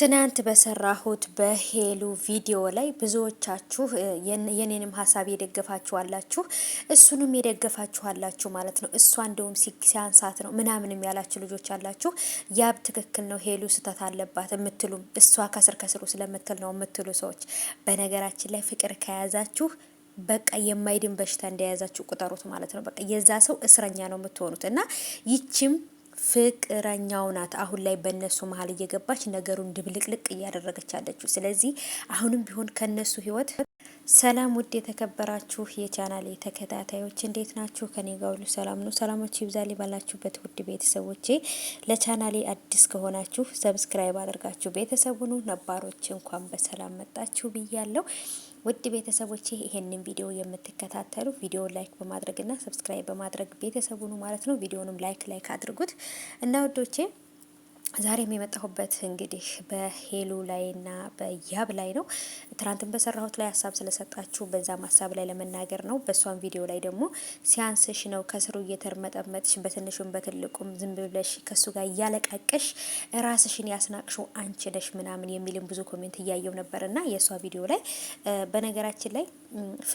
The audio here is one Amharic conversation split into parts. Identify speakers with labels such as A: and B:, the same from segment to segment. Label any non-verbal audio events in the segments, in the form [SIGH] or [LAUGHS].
A: ትናንት በሰራሁት በሄሉ ቪዲዮ ላይ ብዙዎቻችሁ የኔንም ሀሳብ የደገፋችሁ አላችሁ፣ እሱንም የደገፋችሁ አላችሁ ማለት ነው። እሷ እንደውም ሲያንሳት ነው ምናምንም ያላችሁ ልጆች አላችሁ። ያብ ትክክል ነው፣ ሄሉ ስህተት አለባት የምትሉም እሷ ከስር ከስሩ ስለምትል ነው የምትሉ ሰዎች፣ በነገራችን ላይ ፍቅር ከያዛችሁ በቃ የማይድን በሽታ እንደያዛችሁ ቁጠሩት ማለት ነው። በቃ የዛ ሰው እስረኛ ነው የምትሆኑት እና ይችም ፍቅረኛው ናት አሁን ላይ በእነሱ መሀል እየገባች ነገሩን ድብልቅልቅ እያደረገች አለችው። ስለዚህ አሁንም ቢሆን ከነሱ ህይወት ሰላም ውድ የተከበራችሁ የቻናሌ ተከታታዮች እንዴት ናችሁ? ከኔ ጋር ሁሉ ሰላም ነው። ሰላማችሁ ይብዛል ባላችሁበት ውድ ቤተሰቦቼ። ለቻናሌ አዲስ ከሆናችሁ ሰብስክራይብ አድርጋችሁ ቤተሰቡኑ ነባሮች እንኳን በሰላም መጣችሁ ብያለሁ። ውድ ቤተሰቦቼ ይሄንን ቪዲዮ የምትከታተሉ ቪዲዮ ላይክ በማድረግና ሰብስክራይብ በማድረግ ቤተሰቡኑ ማለት ነው። ቪዲዮንም ላይክ ላይክ አድርጉት እና ውዶቼ ዛሬም የመጣሁበት እንግዲህ በሄሉ ላይና በያብ ላይ ነው። ትናንትን በሰራሁት ላይ ሀሳብ ስለሰጣችሁ በዛም ሀሳብ ላይ ለመናገር ነው። በእሷን ቪዲዮ ላይ ደግሞ ሲያንስሽ ነው ከስሩ እየተርመጠመጥሽ በትንሹም በትልቁም ዝም ብለሽ ከሱ ጋር እያለቃቀሽ ራስሽን ያስናቅሽው አንቺ ነሽ ምናምን የሚልም ብዙ ኮሜንት እያየው ነበር እና የእሷ ቪዲዮ ላይ በነገራችን ላይ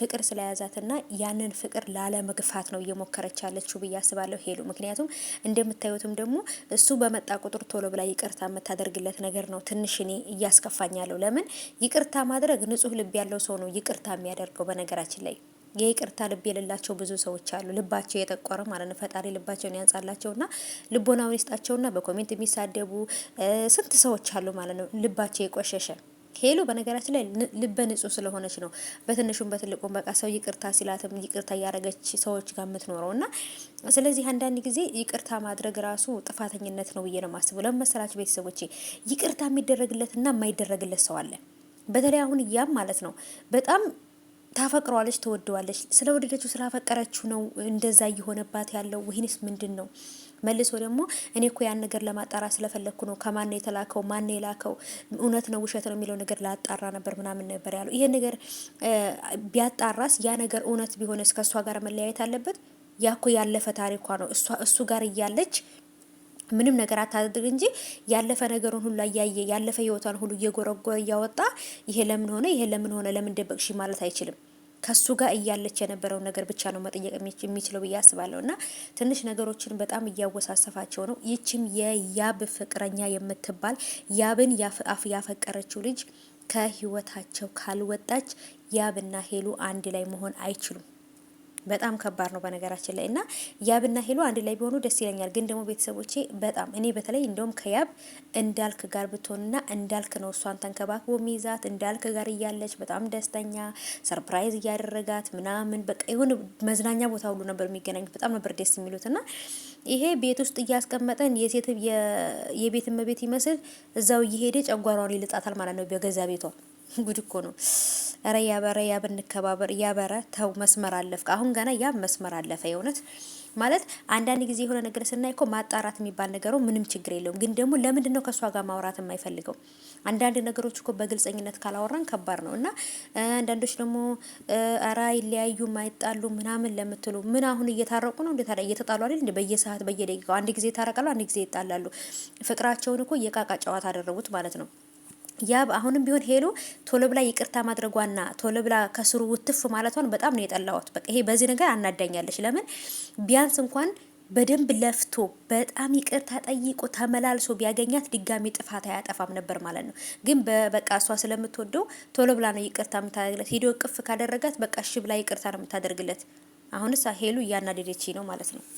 A: ፍቅር ስለያዛትና ያንን ፍቅር ላለመግፋት ነው እየሞከረች ያለችው ብዬ አስባለሁ ሄሉ። ምክንያቱም እንደምታዩትም ደግሞ እሱ በመጣ ቁጥር ቶሎ ብላ ይቅርታ የምታደርግለት ነገር ነው ትንሽ እኔ እያስከፋኛለሁ። ለምን ይቅርታ ማድረግ ንጹህ ልብ ያለው ሰው ነው ይቅርታ የሚያደርገው። በነገራችን ላይ የይቅርታ ልብ የሌላቸው ብዙ ሰዎች አሉ። ልባቸው የጠቆረ ማለት ነው። ፈጣሪ ልባቸውን ያንጻላቸውና ልቦናውን ይስጣቸውና በኮሜንት የሚሳደቡ ስንት ሰዎች አሉ ማለት ነው ልባቸው የቆሸሸ ሄሉ በነገራችን ላይ ልበ ንጹህ ስለሆነች ነው በትንሹም በትልቁም በቃ ሰው ይቅርታ ሲላትም ይቅርታ እያደረገች ሰዎች ጋር የምትኖረው እና ስለዚህ አንዳንድ ጊዜ ይቅርታ ማድረግ ራሱ ጥፋተኝነት ነው ብዬ ነው የማስበው። ለመሰላችሁ ቤተሰቦች ይቅርታ የሚደረግለትና የማይደረግለት ሰው አለ። በተለይ አሁን እያም ማለት ነው በጣም ታፈቅረዋለች፣ ትወደዋለች። ስለወደደችው ስላፈቀረችው ነው እንደዛ እየሆነባት ያለው። ወይንስ ምንድን ነው? መልሶ ደግሞ እኔ እኮ ያን ነገር ለማጣራ ስለፈለግኩ ነው፣ ከማን የተላከው ማን የላከው እውነት ነው ውሸት ነው የሚለው ነገር ላጣራ ነበር ምናምን ነበር ያለው። ይሄ ነገር ቢያጣራስ ያ ነገር እውነት ቢሆንስ ከእሷ ጋር መለያየት አለበት? ያ እኮ ያለፈ ታሪኳ ነው። እሷ እሱ ጋር እያለች ምንም ነገር አታድርግ እንጂ ያለፈ ነገሩን ሁሉ እያየ ያለፈ ህይወቷን ሁሉ እየጎረጎረ እያወጣ ይሄ ለምን ሆነ፣ ይሄ ለምን ሆነ፣ ለምን ደበቅሽ ማለት አይችልም። ከሱ ጋር እያለች የነበረው ነገር ብቻ ነው መጠየቅ የሚችለው ብዬ አስባለሁ። እና ትንሽ ነገሮችን በጣም እያወሳሰፋቸው ነው። ይችም የያብ ፍቅረኛ የምትባል ያብን ያፈቀረችው ልጅ ከህይወታቸው ካልወጣች ያብና ሄሉ አንድ ላይ መሆን አይችሉም። በጣም ከባድ ነው በነገራችን ላይ እና ያብና ሄሎ አንድ ላይ ቢሆኑ ደስ ይለኛል። ግን ደግሞ ቤተሰቦቼ በጣም እኔ በተለይ እንደውም ከያብ እንዳልክ ጋር ብትሆንና እንዳልክ ነው እሷን ተንከባክቦ ሚይዛት እንዳልክ ጋር እያለች በጣም ደስተኛ ሰርፕራይዝ እያደረጋት ምናምን በቃ ይሁን መዝናኛ ቦታ ሁሉ ነበር የሚገናኙት። በጣም ነበር ደስ የሚሉት እና ይሄ ቤት ውስጥ እያስቀመጠን የሴት የቤት እመቤት ይመስል እዛው እየሄደ ጨጓሯን ይልጣታል ማለት ነው በገዛ ቤቷ [LAUGHS] ጉድ እኮ ነው። ኧረ ያበረ ያብ እንከባበር። ያበረ ተው መስመር አለፍ። አሁን ገና ያብ መስመር አለፈ። የእውነት ማለት አንዳንድ ጊዜ የሆነ ነገር ስናይ እኮ ማጣራት የሚባል ነገሩ ምንም ችግር የለውም። ግን ደግሞ ለምንድን ነው ከእሷ ጋር ማውራት የማይፈልገው? አንዳንድ ነገሮች እኮ በግልጸኝነት ካላወራን ከባድ ነው እና አንዳንዶች ደግሞ ኧረ ይለያዩ ማይጣሉ ምናምን ለምትሉ ምን አሁን እየታረቁ ነው? እንደ እየተጣሉ አይደል እንደ በየሰዓት በየደቂቃው አንድ ጊዜ ይታረቃሉ፣ አንድ ጊዜ ይጣላሉ። ፍቅራቸውን እኮ የቃቃ ጨዋታ አደረጉት ማለት ነው። ያብ አሁንም ቢሆን ሄሎ ቶሎ ብላ ይቅርታ ማድረጓና ቶሎ ብላ ከስሩ ውትፍ ማለቷን በጣም ነው የጠላሁት። በቃ ይሄ በዚህ ነገር አናዳኛለች። ለምን ቢያንስ እንኳን በደንብ ለፍቶ በጣም ይቅርታ ጠይቆ ተመላልሶ ቢያገኛት ድጋሚ ጥፋት አያጠፋም ነበር ማለት ነው። ግን በቃ እሷ ስለምትወደው ቶሎ ብላ ነው ይቅርታ የምታደርግለት። ሂዶ ቅፍ ካደረጋት በቃ እሺ ብላ ይቅርታ ነው የምታደርግለት። አሁንስ ሄሉ እያናደደች ነው ማለት ነው።